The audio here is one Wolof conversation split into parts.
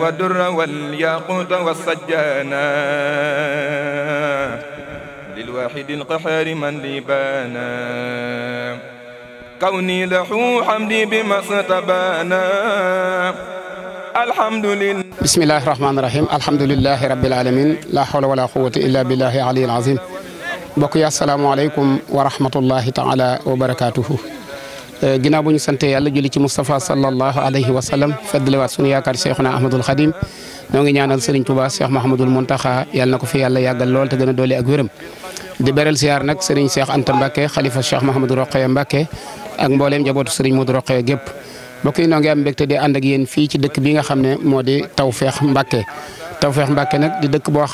والدر والياقوت والسجانا للواحد القحار من لي بانا كوني لحو حمدي بما ستبانا الحمد لله بسم الله الرحمن الرحيم الحمد لله رب العالمين لا حول ولا قوة إلا بالله العلي العظيم mbokk yi asalaamaaleykum wa rahmatullahi taala wa barakaatuhu Euh, ginnaaw bu ñu sante yàlla julli ci Moustapha sallallahu alayhi wa sallam feddliwaat sunu yaakaar Cheikhuna Ahmadul Xadim ñoo ngi ñaanal Serigne Touba Cheikh Mahamadul Muntaxa yàlla na ko fi yàlla yàggal lool te gën a doole ak wéram di beral siyaar nag Serigne Cheikh Anta Mbacke xalifa Cheikh Mahamadou Roqaya Mbacke ak mbooleem jabootu Serigne Modou Roqaya gépp mbokk yi noo ngi am mbégte di ànd ak yéen fii ci dëkk bi nga xam ne moo di Tawfekh Mbacke Tawfekh Mbacke nag di dëkk boo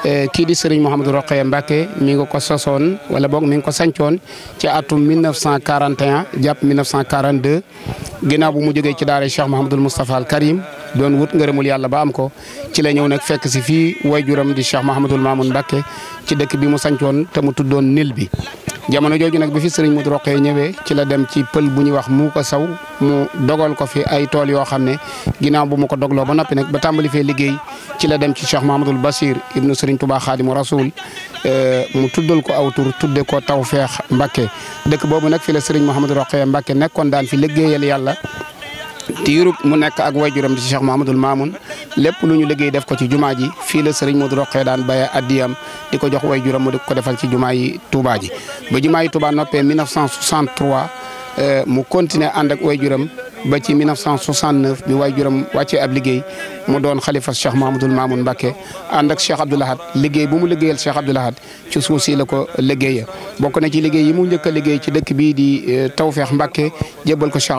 Eh, kii di Serigne Mouhamadou Rokhaya Mbacké mi ngi ko sosoon wala boog mi ngi ko sancoon ci atum 1941 jàpp 1942 ginnaaw bu mu jógee ci daara Cheikh Mouhamadul Moustapha al Karim doon wut ngërëmul yàlla ba am ko ci la ñëw nag fekk si fii waajuram di Cheikh Mouhamadul Mamoun Mbacké ci dëkk bi mu sancoon te mu tuddoon nil bi jamono jooju nag bi fi sëriñ Modou Rokhaya ñëwee ci la dem ci pël bu ñu wax mu ko saw mu dogal ko fi ay tool yoo xam ne ginnaaw bu mu ko dogloo ba noppi nag ba tàmbali fee liggéey ci la dem ci Cheikh Mahamadul Basir ibnu sëriñ Touba Xaadimu Rasul euh, mu tuddal ko aw tur tudde ko Tawfeex Mbacke dëkk boobu nag fi la sëriñ Mouhamadou Rokhaya Mbacke nekkoon daan fi liggéeyal yàlla diirub mu nekk ak waajuram di Cheikh Mahamadul Maamun lépp lu ñu liggéey def ko ci jumaa ji fii la sëriñ Modou Rokhaya daan baye addiyam di ko jox waajuram mu di ko defal ci jumaa yi Touba ji ba jumaa yi Touba noppee 1963 euh, mu continuer ànd ak waajuram ba ci 1969 bi waajuram wàccee ab liggéey mu doon xalifa Cheikh Mahamadul Mamoun Mbacke ànd ak Cheikh Abdoul Ahad liggéey bu mu liggéeyal Cheikh Abdoul Ahad ci suuf si la ko liggéeya bokk na ci liggéey yi mu njëkk a liggéey ci dëkk bii di euh, Tawfeex Mbacke jébbal ko Cheikh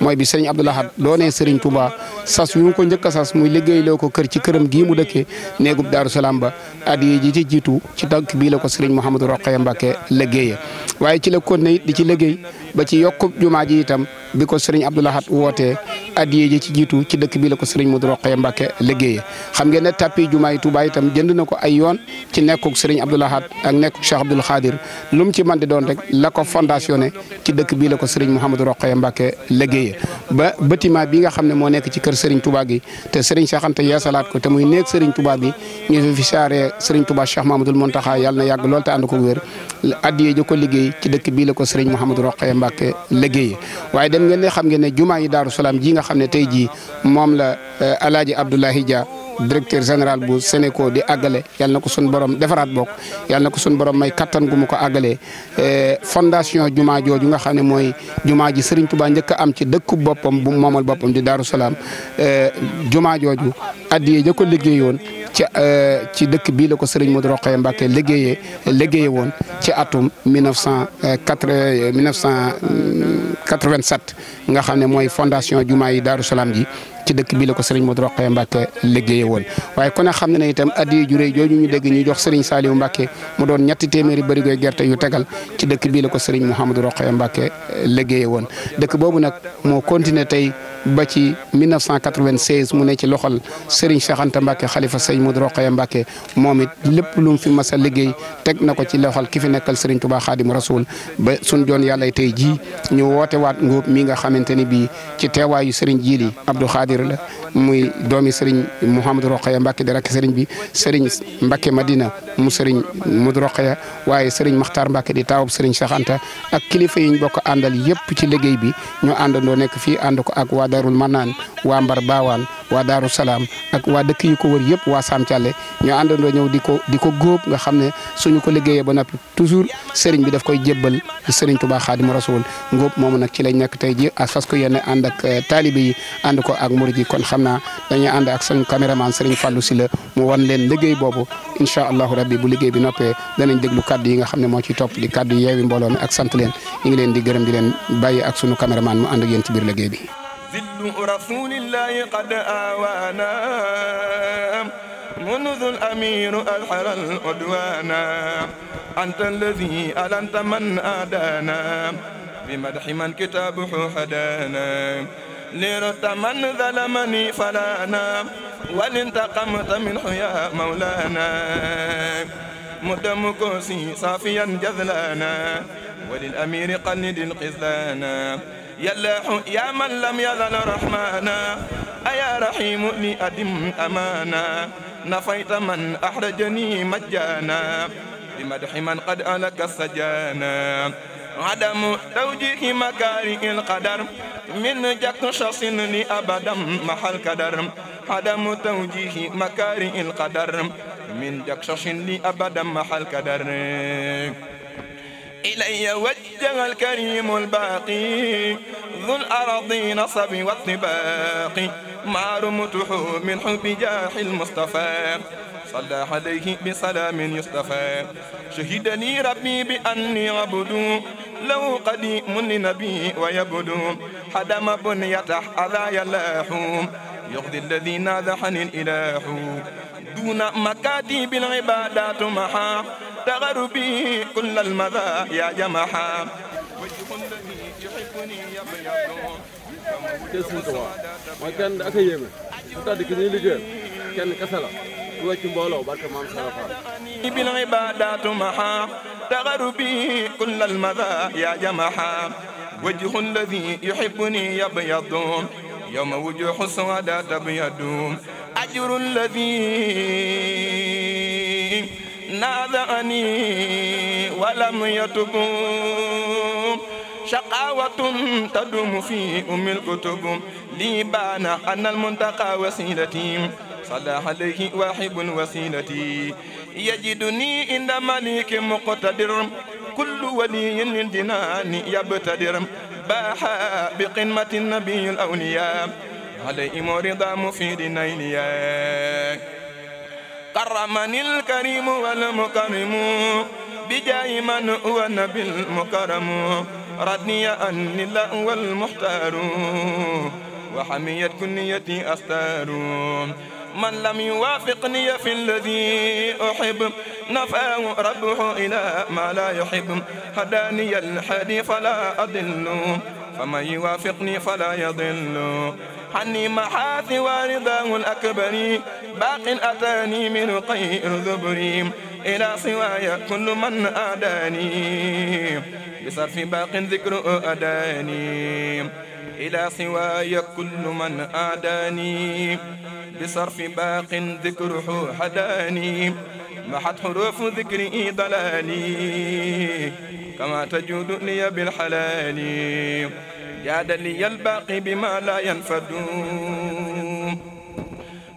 mooy bi sëriñ Abdou Lahad doonee sëriñ Touba sas yu mu ko njëkk sas muy liggéeyloo ko kër ci këram gi mu dëkkee néegub Daaru Salaam ba yi ji ci jiitu ci tànk bii la ko sëriñ Mouhamadou Rokhaya Mbacké liggéeye waaye ci la kon ne di ci liggéey ba ci yokk jumaa ji itam bi ko sëriñ Abdou Lahad wootee addiye ji ci jiitu ci dëkk bi la ko sëriñ Modou Rokhaya Mbacké liggéeye xam ngeen ne tappi jumaay Touba itam jënd na ko ay yoon ci nekkuk sëriñ Abdoul Ahad ak nekkuk Cheikh Abdoul Khadir lu mu ci man di doon rek la ko fondation ne ci dëkk bii la ko sëriñ Mouhamadou Rokhaya Mbacké liggéeye ba bâtiment bi nga xam ne moo nekk ci kër sëriñ Touba gi te sëriñ Cheikh Anta yeesalaat ko te muy nekk sëriñ Touba bi ñu fi saaree sëriñ Touba Cheikh Mahamadoul Mountakha yàlla na yàgg lool te ànd ko wér addiye ji ko liggéey ci dëkk bii la ko sëriñ Mouhamadou Rokhaya Mbacké liggéeye waaye dem ngeen ne xam ngeen ne jumaa yi Daaru Salaam ji nga xam ne tey jii moom la El euh, Hadj Abdoulaye Dia directeur général bu Sénéco di àggale yal na ko borom defaraat bokk yalna na ko sun borom may kattan gu mu ko àggalee euh, fondation juma jooju nga xam ne mooy juma ji Serigne Touba njëkk a am ci dëkk boppam bu moomal boppam di Darou Salaam euh, juma jooju addiye ja ko liggéeyoon ci euh, ci dëkk bii la ko Serigne Modou Rokhaya Mbacké liggéeyee liggéeye woon ci atum 1980 1987 nga xam ne mooy fondation jumaa yi Daaru Salaam ji ci dëkk bii la ko Serigne Modou Rokhaya Mbacké liggéeye woon waaye ku ne xam ne itam addiya ju réy jooju ñu dégg ñu jox Serigne Saliou Mbacké mu doon ñetti téeméeri barigoy gerte yu tegal ci dëkk bii la ko Serigne Mouhamadou Rokhaya Mbacké liggéeye woon dëkk boobu nag moo continué tey ba ci 1996 mu ne ci loxol Serigne Cheikh Anta Mbacke xalifa sëñ Modou Rokhaya Mbacke moom it lépp lu mu fi mas a liggéey teg na ko ci loxol ki fi nekkal Serigne Touba Khadim Rasoul ba suñ joon yàlla tey jii ñu woote waat ngóob mi nga xamante ni bii ci teewaayu Serigne Jili Abdou Khadir la. muy doomi sëriñ Mouhamadou Rokhaya Mbacke di rakk sëriñ bi sëriñ Mbacke Madina mu sëriñ Modou Rokhaya waaye sëriñ Makhtar Mbacke di taawub sëriñ Cheikh ak kilifa yi bokk àndal yëpp ci liggéey bi ñu àndandoo nekk fii ànd ko ak waa Darul Manaan waa Mbar Baawaan waa Daaru Salaam ak waa dëkk yi ko wër yëpp waa Sam Thialé ñoo àndandoo ñëw di ko di ko góob nga xam ne suñu ko liggéeyee ba noppi toujours sëriñ bi daf koy jébbal sëriñ Touba Xaadimu Rasuul ngóob moomu nag ci lañ nekk tey ji ak fas ko yéene ànd ak eh, taalibe yi ànd ko ak murid yi kon xam naa dañuy ànd ak suñu caméraman sëriñ si la mu wan leen liggéey boobu incha allahu rabbi bu liggéey bi noppee danañ déglu kaddu yi nga xam ne moo ci topp di kaddu yeewi mbooloo ak sant leen ñu ngi di gërëm di leen bàyyi ak sunu caméraman ànd ak ci biir liggéey زد رسول الله قد آوانا منذ الأمير ألحر العدوانا أنت الذي ألنت من آدانا بمدح من كتابه حدانا لرت من ظلمني فلانا ولانتقمت منه يا مولانا مدم كوسي صافيا جذلانا وللأمير قلد القزلانا يلاح يا من لم يزل رحمانا أيا رحيم لأدم أمانا نفيت من أحرجني مجانا بمدح من قد ألك السجانا عدم توجيه مكارئ القدر من جك شخص لأبدا محل قدر عدم توجيه مكارئ القدر من جك شخص لأبدا محل قدر إلي وجه الكريم الباقي ذو الأرض نصب والطباق ما رمته من حب جاح المصطفى صلى عليه بسلام يصطفى شهدني ربي بأني عبد له قديم لنبي ويبدو حدم بنيته على يلاح يقضي الذي نازحني الإله دون مكاتب العبادات محا الدغر بي كل المذا يا جماحة وجه الذي يحبني يبيض mooy kenn ak a yéeme c'est-à-dire que ñuy liggéeyal kenn kese la ku wecc mbooloo barke maam Sara Fall بالعبادات محا تغر بي كل المذا يا جماحة وجه الذي يحبني يبيض يوم وجوه السواد تبيض أجر الذي نازعني ولم يتب شقاوة تدوم في أم الكتب لي بان أن المنتقى وسيلتي صلى عليه واحب وسيلتي يجدني عند مليك مقتدر كل ولي للجنان يبتدر باح بقمة النبي الأولياء عليهم رضا مفيد نيليا كرمني الكريم والمكرم بجاه من هو نبي المكرم ردني أن الله والمحتار وحميت كنيتي أختار من لم يوافقني في الذي أحب نفاه ربه إلى ما لا يحب هداني الحادي فلا أضل فمن يوافقني فلا يضل عني محاث ورداه الأكبر باق أتاني من قيء ذبري إلى سواي كل من أداني بصرف باق ذكر أداني إلى سواي كل من أعداني بصرف باق ذكره حداني محت حروف ذكري ضلالي كما تجود لي بالحلال جاد لي الباقي بما لا ينفد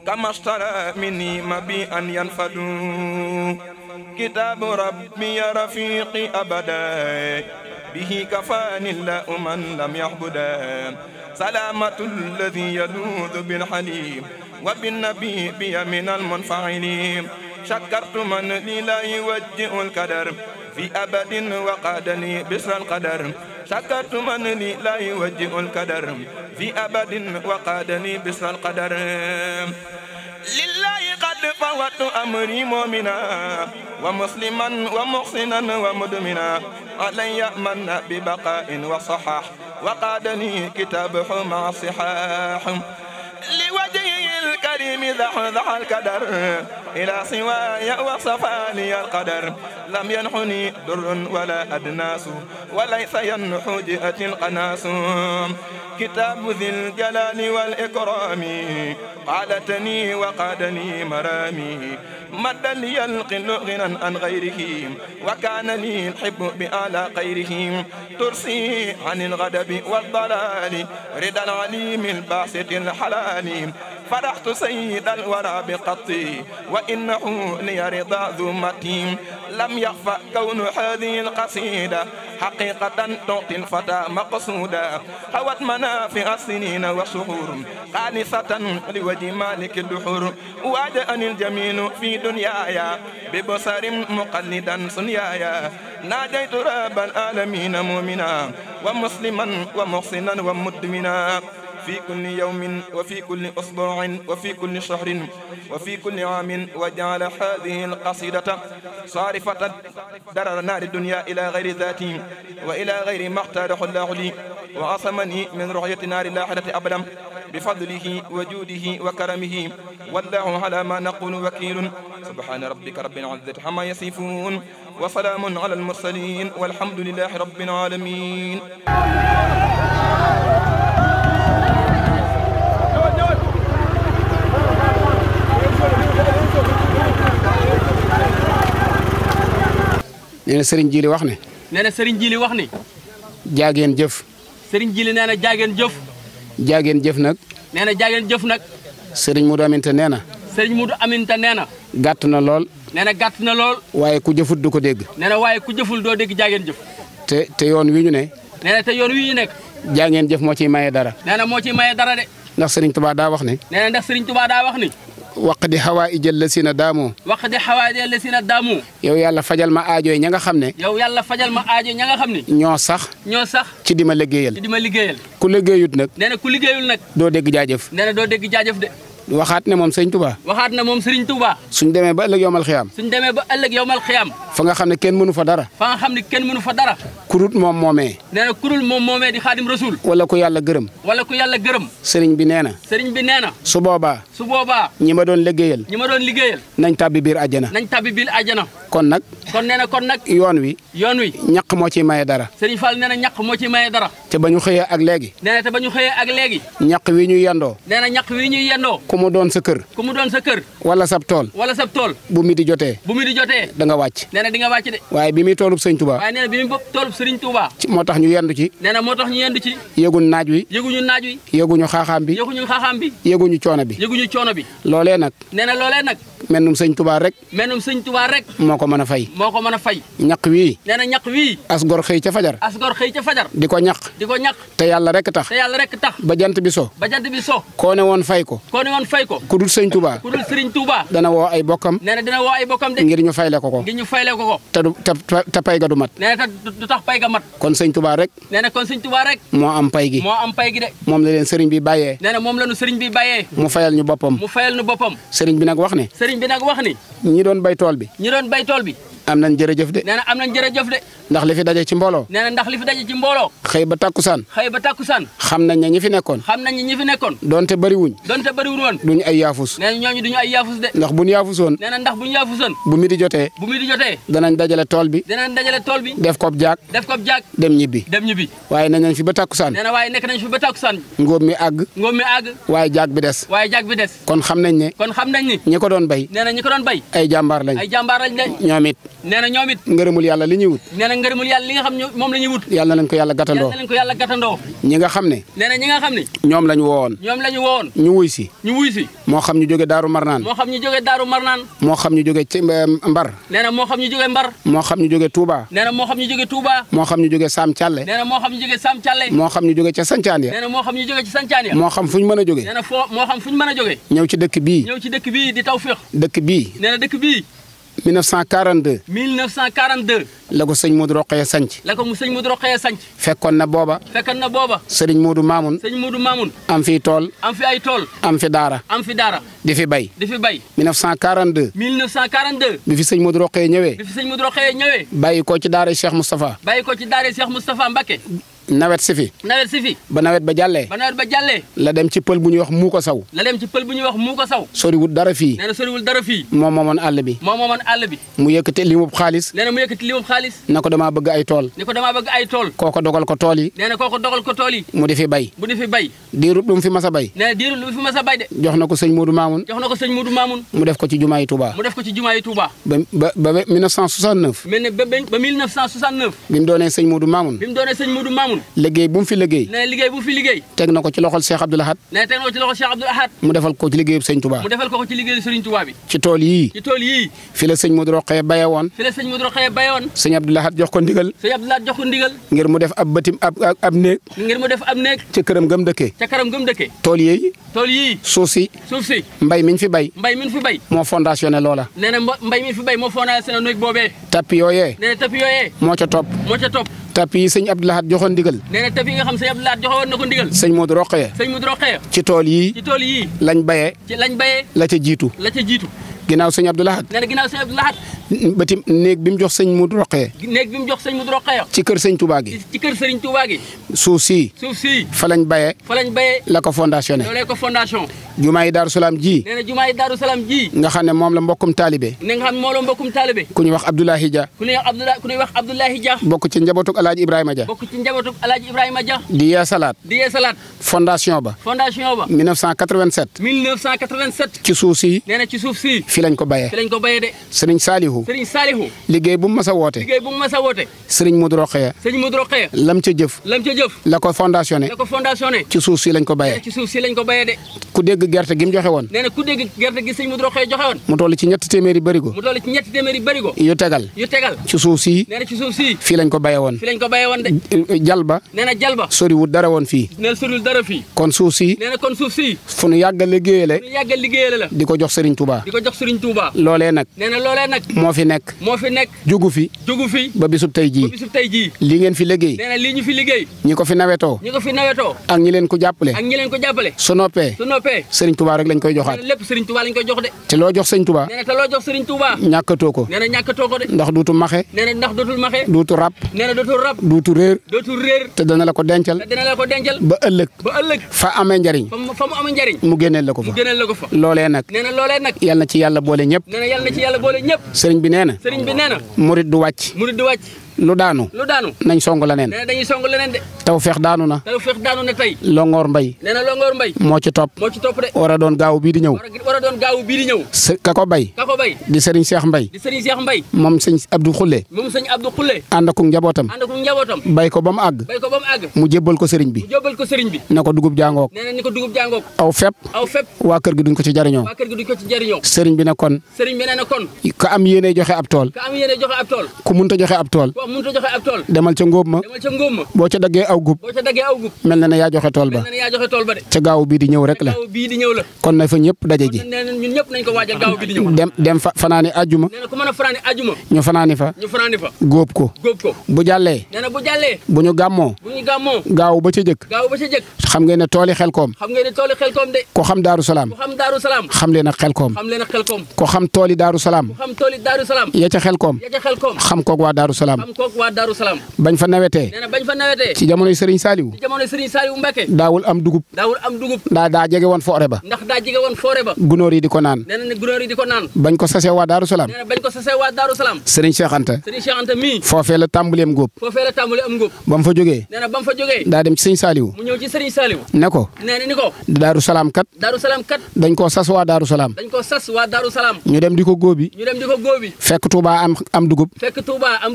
كما اشترى مني مبيئا ينفد كتاب ربي رفيقي أبدا به كفان الله من لم يعبدا سلامة الذي يلوذ بالحليم وبالنبي بي من المنفعلين شكرت من لي لا يوجئ الكدر في أبد وقاد لي بسر القدر شكرت من لي لا يوجئ الكدر في أبد وقاد لي بسر القدر لله قد فوت أمري مؤمنا ومسلما ومحسنا ومدمنا علي من ببقاء وصحاح وقادني كتابه مع صحاح وجهه الكريم زحزح الكدر إلى سواي وصفاني القدر لم ينحني در ولا أدناس وليس ينحو جئة القناس كتاب ذي الجلال والإكرام قالتني وقادني مرامي مد لي القل غنى عن غيره وكان لي الحب بأعلى خيره ترسي عن الغدب والضلال رضا العليم الباسط الحلال فدحت سيد الورى بقطي وإنه لي رضا ذمتي لم يخفى كون هذه القصيدة حقيقة تعطي الفتى مقصودا خوت منافع السنين والشهور خالصة لوجه مالك الدحور وأدأني الجميل في دنياي ببصر مقلدا سنيايا ناجيت رب العالمين مؤمنا ومسلما ومحسنا ومدمنا في كل يوم وفي كل أسبوع وفي كل شهر وفي كل عام وجعل هذه القصيدة صارفة درر نار الدنيا إلى غير ذاتي وإلى غير ما اختاره الله لي وعصمني من رؤية نار اللاحدة أبدا بفضله وجوده وكرمه والله على ما نقول وكيل سبحان ربك رب العزة عما يصفون وسلام على المرسلين والحمد لله رب العالمين nee na sëriñ Jili wax ne. nee na sëriñ Jili wax ni. jaageen jëf. sëriñ Jili nee na jaageen jëf. jaageen jëf nag. nee na jaageen jëf nag. sëriñ Mudu Aminta nee na. sëriñ Mudu Aminta nee na. gàtt na lool. nee na gàtt na lool. waaye ku jëfut du ko dégg. nee na waaye ku jëful doo dégg jaageen jëf. te yoon wi ñu ne. nee na te yoon wi ñu nekk. jaageen jëf moo ciy maye dara. nee na moo ciy maye dara de. ndax sëriñ Tuubaa daa wax ne. nee ndax sëriñ Tuubaa daa wax ni. waq di xawaa ijël la si na daamu waq di xawaa la si na daamu yow yàlla fajal ma aajo yi ña nga xam ne yow yàlla fajal ma aajo ña nga xam ne ñoo sax ñoo sax ci di ma liggéeyal di ma liggéeyal ku liggéeyut nag nee na ku liggéeyul nag doo dégg jaajëf nee doo dégg jaajaf de waxaat ne moom sëriñ Touba. waxaat ne moom sëriñ Touba. suñ demee ba ëllëg yowmal xiyaam. suñ demee ba ëllëg yowmal xiyaam. fa nga xam ne kenn mënu fa dara. fa nga xam ne kenn mënu fa dara. kurut moom moomee. nee na moom moomee di xaadim rasul. wala ku yàlla gërëm. wala ku yàlla gërëm. sëriñ bi nee na. sëriñ bi nee na. su boobaa. su boobaa. ñi ma doon liggéeyal. ñi ma doon liggéeyal. nañ tàbbi biir àjjana. nañ tàbbi biir àjjana. kon nag. kon nee na kon nag. yoon wi. yoon wi. ñaq moo ciy maye dara. Serigne Fall nee na ñaq moo ciy maye dara. te ba ñu xëyee ak léegi. nee te ba ñu xëyee ak léegi. ñaq wi ñu yendoo. nee na ñaq wi ñuy yendoo. ku mu doon sa kër. ku mu doon sa kër. wala sab tool. wala sab tool. bu mi di jotee. bu mi di jotee. da nga wàcc. nee na di nga wàcc de. waaye bi muy tollu Serigne Touba. nee na bi muy moo tax ñu yendu ci. nee moo tax ñu yendu ci. yëguñu naaj wi. yëguñu naaj wi. yëguñu xaaxaam bi. ñu xaaxaam bi. yëguñu coono bi. yëguñu coono bi. loolee nag. nee na loolee nag. mennum Serigne Touba rek. mennum Serigne Touba rek. moo ko mën a fay moo ko mën a fay ñaq wii nee ñaq wii as gor xëy ca fajar as gor xëy ca fajar di ko ñaq di ko ñaq te yàlla rek tax te yàlla rek tax ba jant bi so ba bi so koo ne woon fay ko koo ne woon fay ko ku du sëñ tubaa ku dul dana woo ay bokkam nee na dina woo ay bokkam de ngir ñu fayle ko ko ngir ñu fayle ko ko te du te pay ga du mat nee na du tax pay ga mat kon sëñ Touba rek nee na kon sëñ Touba rek moo am pay gi moo am pay gi de moom la leen sëriñ bi bàyyee nee na moom la ñu sëriñ bi bàyyee mu fayal ñu boppam mu fayal ñu boppam sëriñ bi nag wax ne sëriñ bi nag wax ne ñi doon bay tool bi ñi doon bay tool bi am nañ jërëjëf de. nee na am nañ jërëjëf de. ndax li fi daje ci mbooloo. nee na ndax li fi daje ci mbooloo. xëy ba takkusaan. xëy ba takkusaan. xam nañ ne ñi fi nekkoon. xam nañ ne ñi fi nekkoon. donte duñ ay yaafus. nee na ñooñu duñu ay yaafus de. ndax buñ yaafusoon. nee ba takkusaan. nee na waaye nekk nañ ba takkusaan. ngóob mi àgg. ngóob mi àgg. waaye jaag bi des. waaye ko doon bay. nee na ñi ko doon bay. ay jàmbaar lañ. ay jàmbaar nee na ñoom it ngërëmul yàlla li ñuy wut nee na ngërëmul yàlla li nga xam moom la ñuy wut yàlla na leen ko yàlla gàttandoo yàlla na leen ko yàlla gàttandoo ñi nga xam ne nee na ñi nga xam ne ñoom lañ woon ñoom lañ woon ñu wuy si ñu wuy si moo xam ñu jóge daaru marnaan moo xam ñu jóge daaru marnaan moo xam ñu jóge ci mbar nee na moo xam ñu jóge mbar moo xam ñu jóge Touba nee na moo xam ñu jóge Touba moo xam ñu jóge Sam Thialé nee na moo xam ñu jóge Sam Thialé moo xam ñu jóge ca Sancaan ya nee na moo xam ñu jóge ci Sancaan ya moo xam fu ñu mën a jóge nee na foo moo xam fu ñu mën a jóge ñëw ci dëkk bii ñëw ci dëkk bii di tawfiix dëkk bii nee na dëkk bii 1942. 1942. la ko sëñ Modou Rokhaya sanc. la ko sëñ Modou Rokhaya fekkoon na booba. fekkoon na booba. sëriñ Modou Mamoun. sëñ Modou Mamoun. am fi tool. am fi ay tool. am fi daara. am fi daara. di fi bay. di fi bay. mi 1942. bi fi sëñ Modou Rokhaya ñëwee. bi fi sëñ Modou Rokhaya ñëwee. bàyyi ko ci daara Cheikh ko ci daara Cheikh Moustapha Mbacke. nawet si fi. nawet si fi. ba la dem ci pël bu ñuy wax muuko saw. la dara fii. nee moom moomoon àll bi. moom moomoon àll bi. mu yëkkati limub xaalis. nee na mu yëkkati limub xaalis. na ko damaa bëgg ay tool. ni ko damaa bëgg ay tool. kooko dogal ko tool yi. nee na mu di fi bay. mu di fi bay. diirut lu fi mas a bay. nee na diirut lu fi mas bay de. jox na ko sëñ Modou Mamoun. jox na ko sëñ Modou Mamoun. mu def ko mu def ko ci jumaa yi Touba. moom liggéey bu mu fi liggéey ne liggéey bu mu fi liggéey teg na ko ci loxol Cheikh Abdoul Ahad ne teg na ko ci loxol Cheikh Abdoul Ahad mu defal ko ci liggéeyu Sëriñ Touba mu ci tool yii ci tool yii fi la sëñ baye woon fi la sëñ Modou Rokhaya baye woon sëñ Abdoul Ahad ndigal sëñ Abdoul Ahad ndigal ngir mu def ab bëtim ab ab néeg ngir mu def ab néeg ca këram gëm tool yii tool yii mbay miñ fi bay mbay miñ fi bay na mbay miñ fi bay moo fondationné néeg boobee tapi yooyee nee na tapi yooyee moo ca topp tap yi sëñ Abdou Lahad joxoon ndigal nee na tap yi nga xam sëñ Abdou Lahad joxoon na ko ndigal sëñ ci tool yii tool yii lañ baye ci lañ bayee la ca jiitu la ca jiitu ginnaaw sëñ Abdou Lahad nee na ginnaaw sëñ Abdou Lahad bëti néeg bi mu jox sëñ Mudu Roqee néeg bi mu jox sëñ Mudu Roqee ci kër sëñ Touba gi ci kër sëñ Touba suuf sii suuf sii fa lañ bayee fa la ko fondationné loolee ko fondation jumaa yi Daaru Salaam ji nee na jumaa yi Daaru Salaam ji nga xam ne moom la mbokkum taalibe ne nga xam moom la mbokkum taalibe ku wax Abdoulahi Dia ku ñuy wax Abdoulahi ku ñuy ci njabootuk Alaaji Ibrahima Dia di yee salaat di ba fondation ba 1987 1987 ci suuf sii nee ci suuf sii fi lañ ko bayee. fi lañ ko bayee de. sëriñ Saalihu. sëriñ Saalihu. liggéey bu mu mas a woote. liggéey bu mu a woote. sëriñ Modou Rokhaya. sëriñ Modou Rokhaya. lam ca jëf. lam ca jëf. la ko fondationné. la ko fondationné. ci suuf si lañ ko bayee. ci suuf si lañ ko bayee ku dégg gerte gi mu joxe woon. mu toll ci ñetti téeméeri bërigo. yu tegal. ci suuf si. nee lañ ko bayee woon. jalba. soriwul dara woon fii. kon suuf si. fu nu yàgg a liggéeyale. a la. di ko jox sëriñ Touba. Serigne Touba. loolee nag. nee na loolee nag. moo fi nekk. moo fi nekk. jugu fi. jugu fi. ba bisub tey jii. ba fi liggéey. nee fi liggéey. ñi ko fi nawetoo. ñi ko fi nawetoo. ak ñi leen ko jàppale. ak ko jàppale. su noppee. su noppee. joxaat. nee na lépp Serigne jox de. te loo jox Serigne Touba. nee ko. nee na ñàkkatoo ko de. ndax duutu maxe. nee na ndax dootul maxe. duutu rab. nee duutu réer. te dana la ko dencal. te dana la ko dencal. ba ëllëg. ba ëllëg. fa amee njariñ. fa mu amee njariñ. mu génneel la ko fa. mu nag. nee ci yàlla yàlla boole ñëpp. nee na yàlla na ci yàlla bi nee murit du wàcc. lu daanu. nañ song leneen. nee na daanu na. tawfeex Longoor Mbay. nee na moo ci topp. doon gaaw bii di ñëw. war ka ko bay. di sëriñ Cheikh Mbay. moom sëñ Abdou Khoule. moom sëñ Abdou bay ko ba mu àgg. mu àgg. jébbal ko sëriñ bi. mu dugub jàngook. nee na ko dugub jàngook. aw fépp. aw waa kër gi duñ ko ci jariñoo. sëriñ bi ne kon. Serigne ka am yéene joxe ab tool. ka ku munta joxe ab tool. demal ca ngóob ma. boo ca daggee aw gub. mel na ne yaa joxe tool ba. ca gaaw bii di ñëw rek la. kon na fa ñëpp daje ji. kon dem fa fanaani ajjuma. nee na ku mën ñu fanaani fa. ñu góob ko. góob ko jàllee. bu ñu gàmmoo. gaaw ba ca jëkk. gaaw ba ca jëkk. xam ngeen tooli xel koom. xam ngeen ko xam daaru salaam. xam daaru salaam. xam leen ak xel koom. xam leen ak ko xam tooli daaru salaam. salaam. ya ca xel koom. xam koog waa daaru salaam. moom kooku waa Darou Salaam bañ fa nawetee nee na bañ daa jege woon foore ba ndax daa jege woon yi di ko naan nee na yi di ko naan bañ ko sasee waa Darou Salaam nee na bañ ko sasee waa Darou Salaam Serigne Cheikh la tàmbali am góob foofee la tàmbali am góob ba fa jógee nee na ba mu fa jógee daa dem ci Serigne Saliou mu ñëw ci Serigne Saliou ne ko nee ko Darou Salaam kat Darou Salaam dañ koo sas waa waa Darou Salaam ñu dem di ko góobi ñu dem di ko góobi fekk Touba am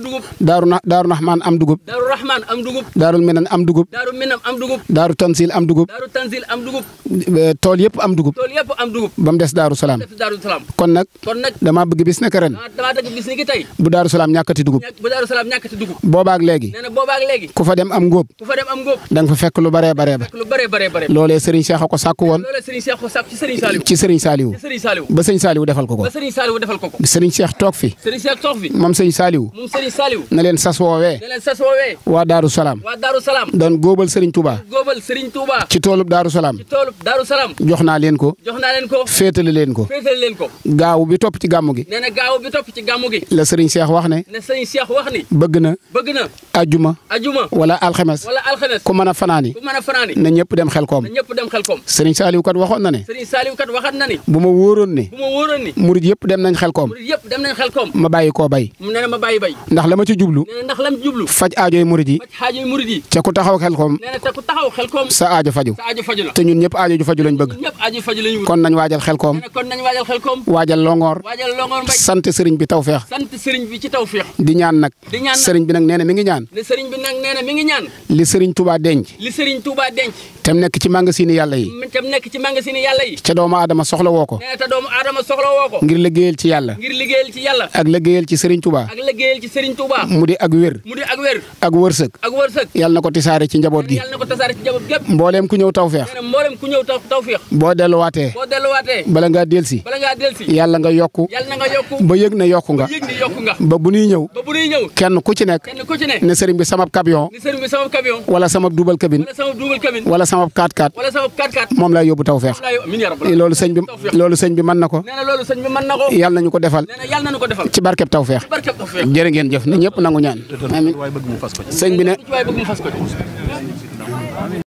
dugub daaru na daaru Rahmaan am dugub. daaru am dugub. daaru Minan am dugub. am dugub. daaru Tansil am dugub. daaru Tansil am dugub. Eh, tool yëpp am dugub. tool yëpp am dugub. ba mu des daaru Salaam. kon nag. kon nag damaa bëgg bis naka ren. bu daaru Salaam ñàkkati dugub. bu daaru Salaam léegi. ku fa dem am ngóob. ku fa dem fekk lu baree baree ba. loolee Serigne Cheikh a ko sàkk woon. ci Serigne Saliou. ba Serigne Saliou defal ko ko. Serigne Cheikh toog fi. moom Serigne Saliou. na leen sas woowee. na leen sas woowee. waa Darou Salaam. waa doon góobal Serigne Touba. góobal Serigne Touba. ci toolub Darou Salaam. ci toolub Darou Salaam. jox naa leen ko. jox naa leen ko. féetale leen leen ko. gaaw bi topp ci gàmmu gi. topp ci gàmmu gi. la Serigne seex wax ne. la Serigne Cheikh bëgg na. bëgg na. ajuma. ajuma wala alxemes. wala alxemes. ku mën a fanaani. ku mën na ñëpp dem xel koom. na ñëpp dem xel koom. Serigne Saliou kat waxoon na ne. Serigne Saliou bu ma wóoroon ne. bu ma wóoroon dem nañ xel koom. murid ma bàyyi koo bay. nee ma bàyyi bay. ndax la ma ci jublu. ndax lam jublu. faj aajoy murid yi. faj aajoy murid te ku taxaw xel koom. nee na sa ajo faju. sa aajo te ñun ñëpp aajo ju faju lañ bëg ñëpp aajo kon nañ waajal xel koom. kon nañ waajal xel longoor. waajal sëriñ bi taw sant sëriñ di ñaan nag. di bi nag nee na mi ngi ñaan. li sëriñ bi nag tem nekk ci magasin yàlla yi. Mm, tem nekk ci magasin yàlla yi. ca doomu aadama soxla woo ko. nee te doomu aadama soxla woo ko. ngir liggéeyal ci yàlla. ngir liggéeyal ci yàlla. ak liggéeyal ci Serigne Touba. ak liggéeyal ci Serigne Touba. mu di ak wér. mu di ak wér. ak wërsëg. ak wërsëg. yàlla na ko tisaare ci njaboot gi. yàlla na ko tisaare ci njaboot gépp. mbooleem ku ñëw tawfeex. nee na mbooleem ku ñëw tawfeex. boo delluwaatee. boo delluwaatee. bala ngaa delsi. bala ngaa delsi. yàlla nga yokku. yàlla na nga yokku. ba yëg na yokku nga. ba yëg na yokku nga. ba bu nuy ñëw. ba bu nuy ñëw. kenn ku ci nekk. kenn ku ci nekk. ne sëriñ bi samab camion. ne sëriñ bi samab camion. wala samab duubal cabine. wala samab duubal cabine. wala sama 4-4. wala sama 4-4. moom lay yóbbu tawfeex. loolu bi loolu sëñ bi na ko. nee na loolu sëñ bi mën na ko. yàlla nañu ko na yàlla ko defal. ci barkeb tawfeex. ci barkeb tawfeex. jërë ngeen jëf na ñëpp nangu ñaan. amiin sëñ bi ne.